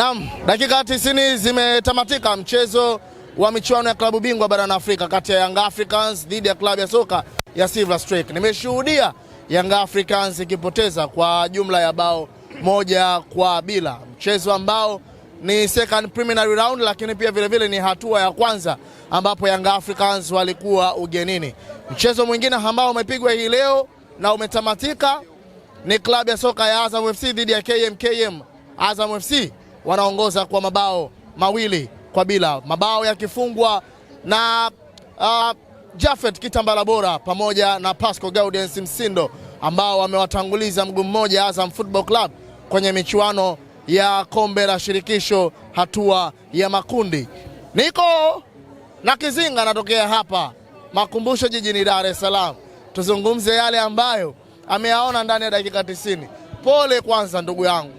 Naam, dakika 90 zimetamatika mchezo wa michuano ya klabu bingwa barani Afrika kati ya Young Africans dhidi ya klabu ya soka ya Silver Strike. Nimeshuhudia Young Africans ikipoteza kwa jumla ya bao moja kwa bila, mchezo ambao ni second preliminary round, lakini pia vilevile vile ni hatua ya kwanza ambapo Young Africans walikuwa ugenini. Mchezo mwingine ambao umepigwa hii leo na umetamatika ni klabu ya soka ya Azam FC dhidi ya KMKM. Azam FC wanaongoza kwa mabao mawili kwa bila, mabao yakifungwa na uh, Jafet Kitambala Bora pamoja na Pasco Gaudens Msindo ambao wamewatanguliza mguu mmoja Azam Football Club kwenye michuano ya kombe la shirikisho hatua ya makundi. Niko na Kizinga natokea hapa makumbusho jijini Dar es Salaam, tuzungumze yale ambayo ameyaona ndani ya dakika 90. Pole kwanza ndugu yangu,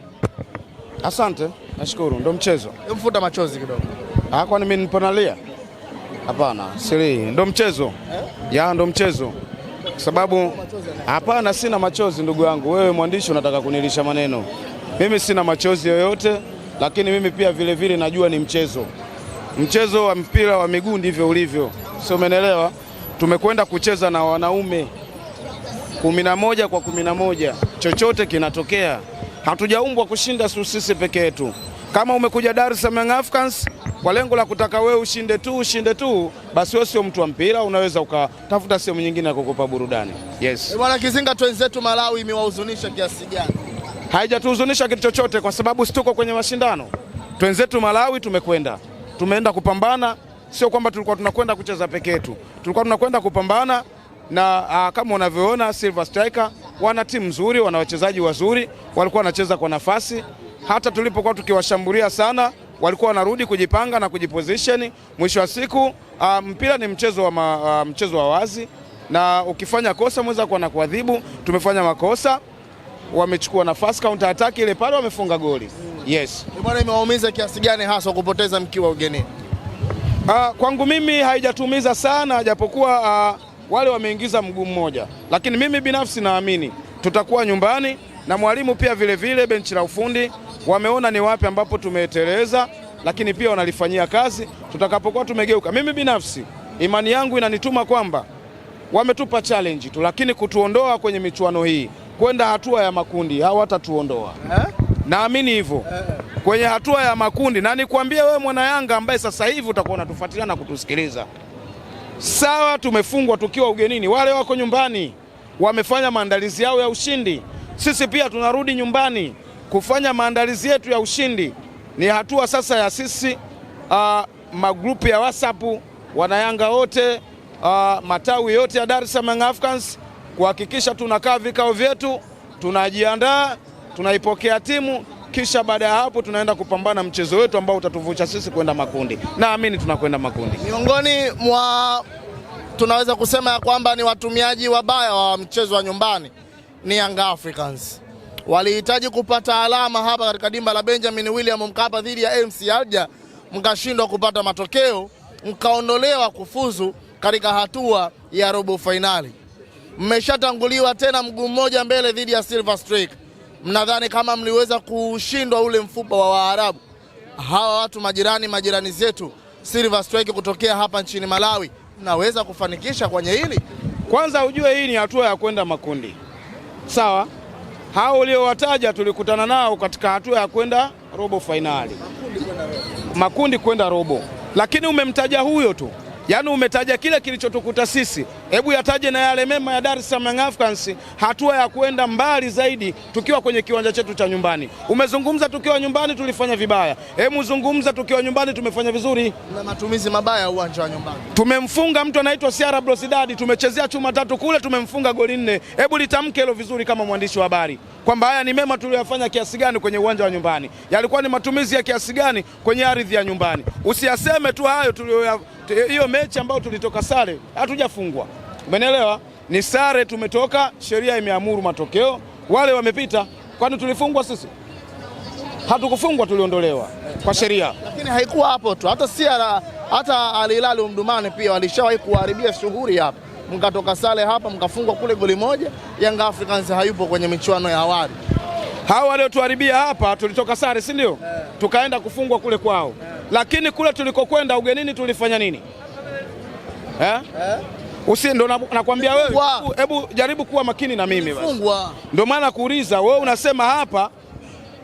asante. Nashukuru, ndo mchezo. Mfuta machozi kidogo. Ah, kwani mimi nalia? Hapana, siri, ndo mchezo eh? Ya, ndo mchezo kwa sababu hapana, sina machozi ndugu yangu. Wewe mwandishi unataka kunilisha maneno, mimi sina machozi yoyote, lakini mimi pia vilevile vile najua ni mchezo. Mchezo wa mpira wa miguu ndivyo ulivyo, sio? Umeelewa? Tumekwenda kucheza na wanaume kumi na moja kwa kumi na moja, chochote kinatokea. Hatujaumbwa kushinda sisi peke yetu. Kama umekuja Dar es Salaam Young Africans kwa lengo la kutaka wewe ushinde tu ushinde tu, basi wewe sio mtu wa mpira, unaweza ukatafuta sehemu nyingine ya kukupa burudani. Yes eh, bwana Kizinga, wenzetu Malawi imewahuzunisha kiasi gani? Haijatuhuzunisha kitu chochote, kwa sababu situko kwenye mashindano. twenzetu Malawi tumekwenda, tumeenda kupambana, sio kwamba tulikuwa tunakwenda kucheza peke yetu, tulikuwa tunakwenda kupambana na a, ah, kama unavyoona Silver Striker wana timu nzuri, wana wachezaji wazuri, walikuwa wanacheza kwa nafasi hata tulipokuwa tukiwashambulia sana walikuwa wanarudi kujipanga na kujiposition. Mwisho wa siku uh, mpira ni mchezo wa, ma, uh, mchezo wa wazi, na ukifanya kosa mweza kuwa na kuadhibu. Tumefanya makosa, wamechukua nafasi counter attack ile pale, wamefunga goli yes. Bwana, imewaumiza kiasi gani hasa kupoteza mkiwa ugenini? Uh, kwangu mimi haijatumiza sana, japokuwa uh, wale wameingiza mguu mmoja, lakini mimi binafsi naamini tutakuwa nyumbani na mwalimu pia vilevile, benchi la ufundi wameona ni wapi ambapo tumeteleza, lakini pia wanalifanyia kazi tutakapokuwa tumegeuka. Mimi binafsi imani yangu inanituma kwamba wametupa challenge tu, lakini kutuondoa kwenye michuano hii kwenda hatua ya makundi hawatatuondoa, eh? naamini hivyo eh, eh. kwenye hatua ya makundi. Na nikwambie wewe mwana Yanga ambaye sasa hivi utakuwa unatufuatilia na kutusikiliza, sawa, tumefungwa tukiwa ugenini, wale wako nyumbani wamefanya maandalizi yao ya ushindi. Sisi pia tunarudi nyumbani kufanya maandalizi yetu ya ushindi. Ni hatua sasa ya sisi uh, magrupu ya WhatsApp wanayanga wote uh, matawi yote ya Dar es Salaam Africans kuhakikisha tunakaa vikao vyetu, tunajiandaa, tunaipokea timu, kisha baada ya hapo tunaenda kupambana mchezo wetu ambao utatuvusha sisi kwenda makundi. Naamini tunakwenda makundi. Miongoni mwa tunaweza kusema ya kwamba ni watumiaji wabaya wa mchezo wa nyumbani ni Young Africans. Walihitaji kupata alama hapa katika dimba la Benjamin William Mkapa dhidi ya MC Alger, mkashindwa kupata matokeo, mkaondolewa kufuzu katika hatua ya robo fainali. Mmeshatanguliwa tena mguu mmoja mbele dhidi ya Silver Strike. Mnadhani kama mliweza kushindwa ule mfupa wa Waarabu, hawa watu majirani, majirani zetu Silver Strike kutokea hapa nchini Malawi, mnaweza kufanikisha kwenye hili? Kwanza ujue hii ni hatua ya kwenda makundi sawa. Hao uliowataja tulikutana nao katika hatua ya kwenda robo fainali, makundi kwenda robo, lakini umemtaja huyo tu, yaani umetaja kile kilichotukuta sisi. Hebu yataje na yale mema ya Dar es Salaam Africans, hatua ya kuenda mbali zaidi tukiwa kwenye kiwanja chetu cha nyumbani. Umezungumza tukiwa nyumbani tulifanya vibaya, hebu zungumza tukiwa nyumbani tumefanya vizuri. Na matumizi mabaya uwanja wa nyumbani, tumemfunga mtu anaitwa Siara Brosidadi, tumechezea chuma tatu kule, tumemfunga goli nne. Hebu litamke hilo vizuri kama mwandishi wa habari kwamba haya ni mema tuliyofanya kiasi gani kwenye uwanja wa nyumbani, yalikuwa ni matumizi ya kiasi gani kwenye ardhi ya nyumbani. Usiyaseme tu hayo tuliyo, hiyo mechi ambayo tulitoka sare hatujafungwa. Umeelewa? Ni sare, tumetoka, sheria imeamuru matokeo, wale wamepita. Kwani tulifungwa sisi? Hatukufungwa, tuliondolewa kwa sheria. Lakini haikuwa hapo tu, hata si hata Al Hilal Omdurman pia walishawahi kuharibia shughuli hapa, mkatoka sare hapa, mkafungwa kule goli moja. Young Africans hayupo kwenye michuano ya awali. Hao waliotuharibia hapa tulitoka sare, si ndio? Yeah. Tukaenda kufungwa kule kwao, yeah. Lakini kule tulikokwenda ugenini tulifanya nini? Yeah. Yeah. Usi ndo nakwambia wewe, hebu jaribu kuwa makini na mimi basi. Ndio maana kuuliza wewe, unasema hapa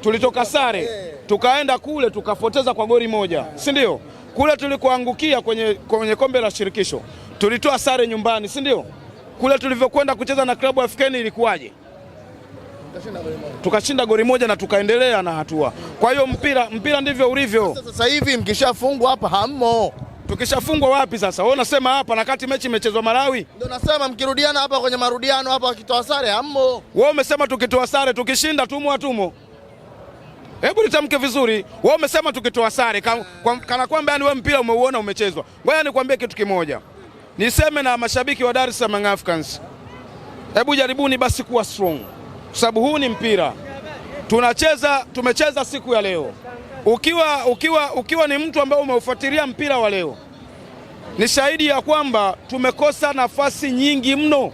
tulitoka sare eh. tukaenda kule tukapoteza kwa goli moja, si ndio? Kule tulikuangukia kwenye, kwenye kombe la shirikisho tulitoa sare nyumbani, si ndio? Kule tulivyokwenda kucheza na klabu ya ilikuwaje? Tukashinda goli moja na tukaendelea na hatua. Kwa hiyo mpira, mpira ndivyo ulivyo. Sasa hivi mkishafungwa hapa hammo Tukishafungwa wapi sasa? Wewe unasema hapa na kati mechi imechezwa Malawi. Ndio nasema mkirudiana hapa kwenye marudiano hapa akitoa sare hammo. Wewe umesema tukitoa sare tukishinda tumo atumo. Hebu nitamke vizuri. Wewe umesema tukitoa sare kana, kana kwamba yani wewe mpira umeuona umechezwa. Ngoja nikwambie kitu kimoja. Niseme na mashabiki wa Dar es Salaam Africans. Hebu jaribuni basi kuwa strong. Kwa sababu huu ni mpira. Tunacheza tumecheza siku ya leo. Ukiwa, ukiwa, ukiwa ni mtu ambaye umeufuatilia mpira wa leo, ni shahidi ya kwamba tumekosa nafasi nyingi mno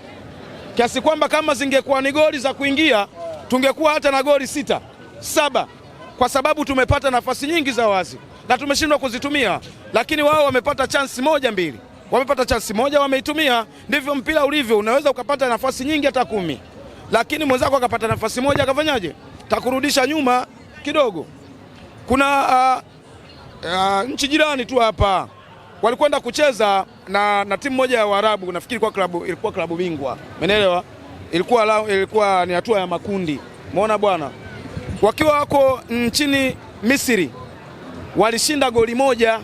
kiasi kwamba kama zingekuwa ni goli za kuingia tungekuwa hata na goli sita saba, kwa sababu tumepata nafasi nyingi za wazi na tumeshindwa kuzitumia, lakini wao wamepata chansi moja mbili, wamepata chansi moja wameitumia. Ndivyo mpira ulivyo, unaweza ukapata nafasi nyingi hata kumi, lakini mwenzako akapata nafasi moja akafanyaje? Takurudisha nyuma kidogo kuna uh, uh, nchi jirani tu hapa walikwenda kucheza na, na timu moja ya Waarabu nafikiri kwa klabu, ilikuwa klabu bingwa, umeelewa? Ilikuwa, ilikuwa ni hatua ya makundi, umeona bwana. Wakiwa wako nchini Misri walishinda goli moja,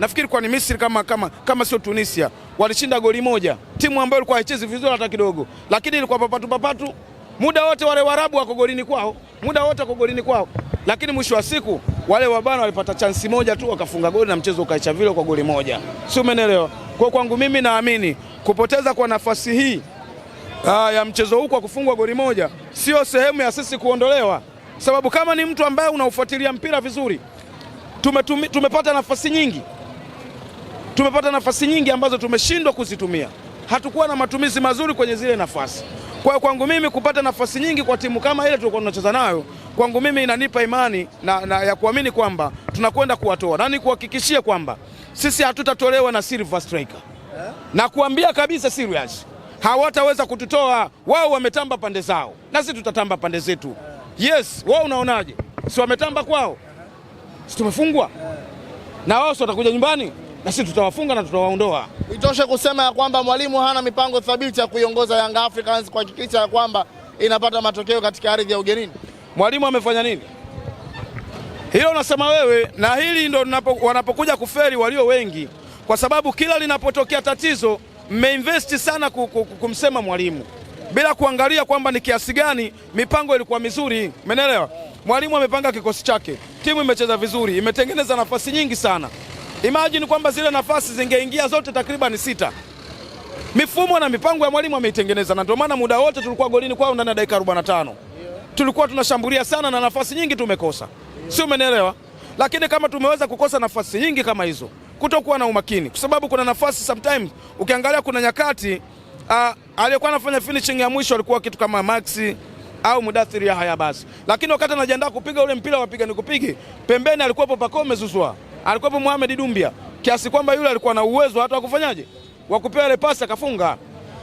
nafikiri kwa ni Misri kama, kama, kama sio Tunisia, walishinda goli moja, timu ambayo ilikuwa haichezi vizuri hata kidogo, lakini ilikuwa papatu papatu muda wote. Wale Waarabu wako golini kwao muda wote, wako golini kwao, lakini mwisho wa siku wale wabano walipata chansi moja tu wakafunga goli na mchezo ukaisha vile kwa goli moja, si umeelewa? Kwa kwangu mimi naamini kupoteza kwa nafasi hii aa, ah, ya mchezo huu kwa kufungwa goli moja sio sehemu ya sisi kuondolewa, sababu kama ni mtu ambaye unaufuatilia mpira vizuri, tumetumi, tumepata nafasi nyingi, tumepata nafasi nyingi ambazo tumeshindwa kuzitumia, hatukuwa na matumizi mazuri kwenye zile nafasi. Kwa hiyo kwangu mimi kupata nafasi nyingi kwa timu kama ile tulikuwa tunacheza nayo, kwangu mimi inanipa imani na, na ya kuamini kwamba tunakwenda kuwatoa na nikuhakikishie kwamba sisi hatutatolewa na Silver Striker eh? na kuambia kabisa serious hawataweza kututoa wao, wametamba pande zao na sisi tutatamba pande zetu. Eh. Yes, wao unaonaje? si wametamba kwao, eh. si tumefungwa na wao, si watakuja nyumbani na sisi tutawafunga na tutawaondoa. Itoshe kusema ya kwamba mwalimu hana mipango thabiti ya kuiongoza Young Africans kuhakikisha ya kwamba inapata matokeo katika ardhi ya ugenini. Mwalimu amefanya nini? Hilo unasema wewe, na hili ndo wanapokuja kuferi walio wengi, kwa sababu kila linapotokea tatizo mmeinvesti sana kumsema mwalimu bila kuangalia kwamba ni kiasi gani mipango ilikuwa mizuri. Umeelewa? Mwalimu amepanga kikosi chake, timu imecheza vizuri, imetengeneza nafasi nyingi sana. Imagine kwamba zile nafasi zingeingia zote takriban sita. Mifumo na mipango ya mwalimu ameitengeneza, na ndio maana muda wote tulikuwa golini kwao ndani ya dakika 45 tulikuwa tunashambulia sana na nafasi nyingi tumekosa, si umenielewa? Lakini kama tumeweza kukosa nafasi nyingi kama hizo, kutokuwa na umakini, kwa sababu kuna nafasi sometimes, ukiangalia kuna nyakati uh, aliyekuwa anafanya finishing ya mwisho alikuwa kitu kama Max au Mudathiri Yahya basi, lakini wakati anajiandaa kupiga ule mpira wapiga kupigi pembeni alikuwepo Pacome Zouzoua alikuwepo Mohamed Dumbia kiasi kwamba yule alikuwa na uwezo hata kufanyaje wa kupewa ile pasi akafunga,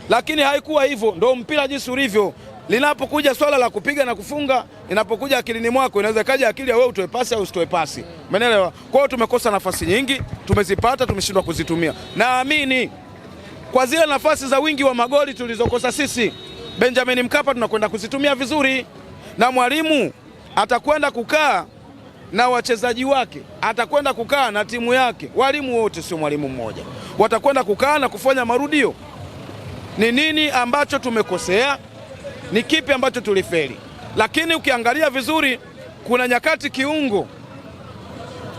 lakini haikuwa hivyo. Ndio mpira jinsi ulivyo. Linapokuja swala la kupiga na kufunga, inapokuja akilini mwako, inaweza kaja akili ya wewe utoe pasi au usitoe pasi, umeelewa? Kwa hiyo tumekosa nafasi nyingi, tumezipata, tumeshindwa kuzitumia. Naamini kwa zile nafasi za wingi wa magoli tulizokosa sisi Benjamin Mkapa tunakwenda kuzitumia vizuri, na mwalimu atakwenda kukaa na wachezaji wake, atakwenda kukaa na timu yake. Walimu wote, sio mwalimu mmoja, watakwenda kukaa na kufanya marudio. Ni nini ambacho tumekosea, ni kipi ambacho tulifeli. Lakini ukiangalia vizuri, kuna nyakati kiungo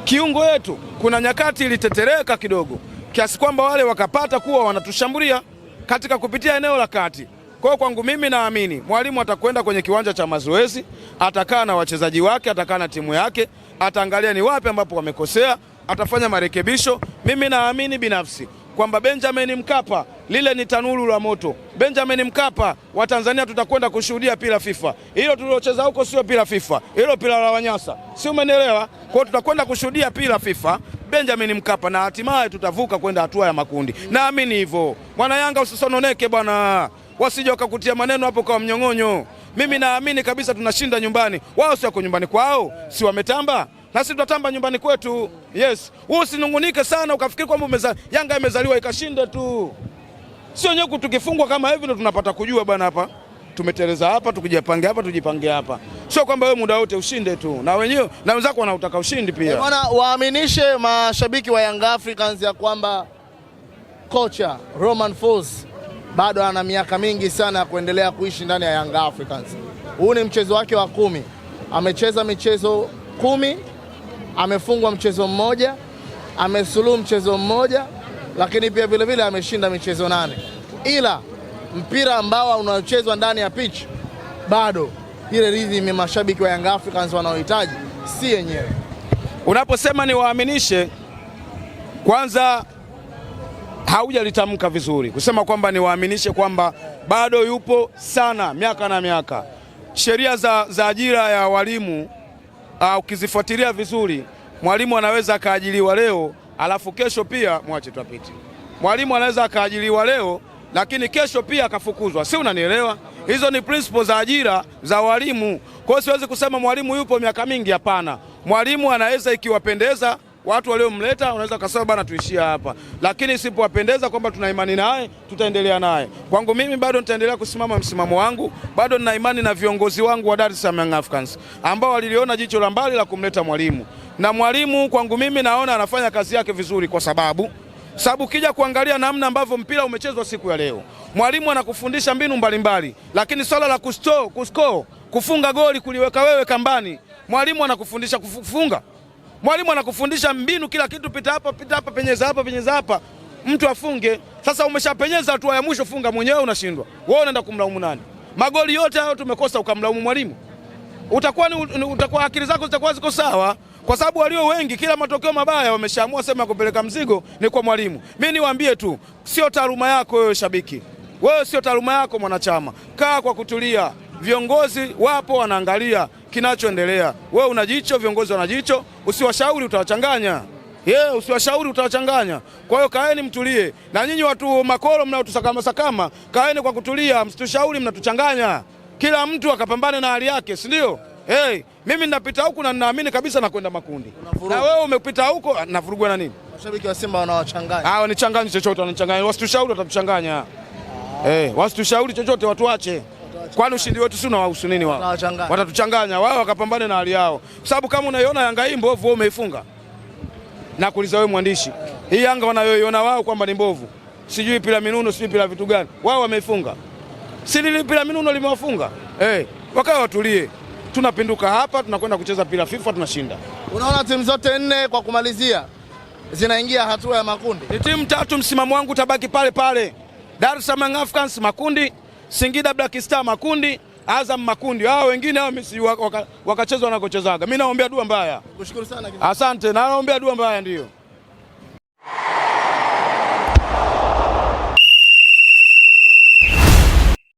kiungo yetu, kuna nyakati ilitetereka kidogo kiasi kwamba wale wakapata kuwa wanatushambulia katika kupitia eneo la kati. Kwa kwangu mimi naamini mwalimu atakwenda kwenye kiwanja cha mazoezi, atakaa na wachezaji wake, atakaa na timu yake, ataangalia ni wapi ambapo wamekosea, atafanya marekebisho. Mimi naamini binafsi kwamba Benjamin Mkapa lile ni tanuru la moto. Benjamin Mkapa wa Tanzania tutakwenda kushuhudia pila FIFA. Hilo tulilocheza huko sio pila FIFA, hilo pila la wanyasa, si umenielewa? Kwa hiyo tutakwenda kushuhudia pila FIFA Benjamin Mkapa na hatimaye tutavuka kwenda hatua ya makundi. Naamini hivyo. Mwana Yanga usisononeke bwana wasije wakakutia maneno hapo kwa mnyong'onyo. Mimi naamini kabisa tunashinda nyumbani, wao si wako nyumbani kwao, si wametamba na sisi tutatamba nyumbani kwetu. Yes, wewe usinungunike sana ukafikiri kwamba umeza, Yanga imezaliwa ikashinde tu, sio nyeku. Tukifungwa kama hivi ndo tunapata kujua bwana, hapa tumeteleza, hapa tukijipange, hapa tujipange hapa, sio kwamba wewe muda wote ushinde tu, na wenyewe na wenzako wanautaka ushindi pia. Bwana, waaminishe mashabiki wa Young Africans ya kwamba kocha Roman Falls bado ana miaka mingi sana ya kuendelea kuishi ndani ya Young Africans. Huu ni mchezo wake wa kumi, amecheza michezo kumi, amefungwa mchezo mmoja, amesuluhu mchezo mmoja, lakini pia vilevile ameshinda michezo nane, ila mpira ambao unaochezwa ndani ya pitch bado ile rhythm ya mashabiki wa Young Africans wanaohitaji si yenyewe. Unaposema niwaaminishe kwanza haujalitamka vizuri, kusema kwamba niwaaminishe kwamba bado yupo sana miaka na miaka. Sheria za, za ajira ya walimu uh, ukizifuatilia vizuri, mwalimu anaweza akaajiliwa leo alafu kesho pia mwache tupite. Mwalimu anaweza akaajiliwa leo lakini kesho pia akafukuzwa, si unanielewa? Hizo ni principle za ajira za walimu. Kwa hiyo siwezi kusema mwalimu yupo miaka mingi, hapana. Mwalimu anaweza ikiwapendeza watu waliomleta wanaweza kasema bana, tuishia hapa, lakini sipowapendeza kwamba tuna imani naye, tutaendelea naye. Kwangu mimi bado nitaendelea kusimama msimamo wangu, bado nina imani na viongozi wangu wa Dar es Salaam Young Africans ambao waliliona jicho la mbali la kumleta mwalimu, na mwalimu kwangu mimi naona anafanya kazi yake vizuri, kwa sababu sababu kija kuangalia namna ambavyo mpira umechezwa siku ya leo, mwalimu anakufundisha mbinu mbalimbali mbali, lakini swala la kustoo kuskoo kufunga goli kuliweka wewe kambani, mwalimu anakufundisha kufunga Mwalimu anakufundisha mbinu, kila kitu, pita hapa, pita hapa, penyeza hapa, penyeza hapa, mtu afunge. Sasa umeshapenyeza hatua ya mwisho, funga mwenyewe, unashindwa wewe, unaenda kumlaumu nani? Magoli yote hayo tumekosa, ukamlaumu mwalimu, utakuwa ni utakuwa akili zako zitakuwa ziko sawa? Kwa sababu walio wengi kila matokeo mabaya wameshaamua sema kupeleka mzigo ni kwa mwalimu. Mimi niwaambie tu, sio taaluma yako wewe shabiki, wewe sio taaluma yako mwanachama. Kaa kwa kutulia, viongozi wapo wanaangalia kinachoendelea. Wewe una jicho, viongozi wana jicho, usiwashauri utawachanganya. Yeah, usiwashauri utawachanganya. Kwa hiyo kaeni mtulie, na nyinyi watu makoro mnaotusakama sakama, kaeni kwa kutulia, msitushauri mnatuchanganya. Kila mtu akapambane na hali yake, si ndio? Hey, mimi ninapita huku na ninaamini kabisa nakwenda makundi. Na wewe umepita huko navurugwa na nini? Mashabiki wa Simba wanawachanganya. Ah, wanichanganye chochote, wanichanganye. Wasitushauri watatuchanganya. Ah. Eh, hey, wasitushauri chochote watu wache. Kwani ushindi wetu si unawahusu nini wao? Watatuchanganya wao, wakapambane na hali yao, kwa sababu kama unaiona Yanga hii mbovu, wewe umeifunga na kuuliza wewe mwandishi, hii Yanga wanayoiona wao kwamba ni mbovu, sijui pila minuno, sijui pila vitu gani, wao wameifunga, si lili pila minuno limewafunga hey, eh, Wakae watulie tunapinduka hapa, tunakwenda kucheza pila FIFA tunashinda. Unaona timu zote nne kwa kumalizia zinaingia hatua ya makundi, ni timu tatu. Msimamo wangu utabaki pale pale, Dar es Salaam Africans makundi Singida Black Star makundi, Azam makundi, hao wengine hao wakachezwa waka wanakochezaga. Mimi naombea dua mbaya. Kushukuru sana. Asante, naombea dua mbaya ndio.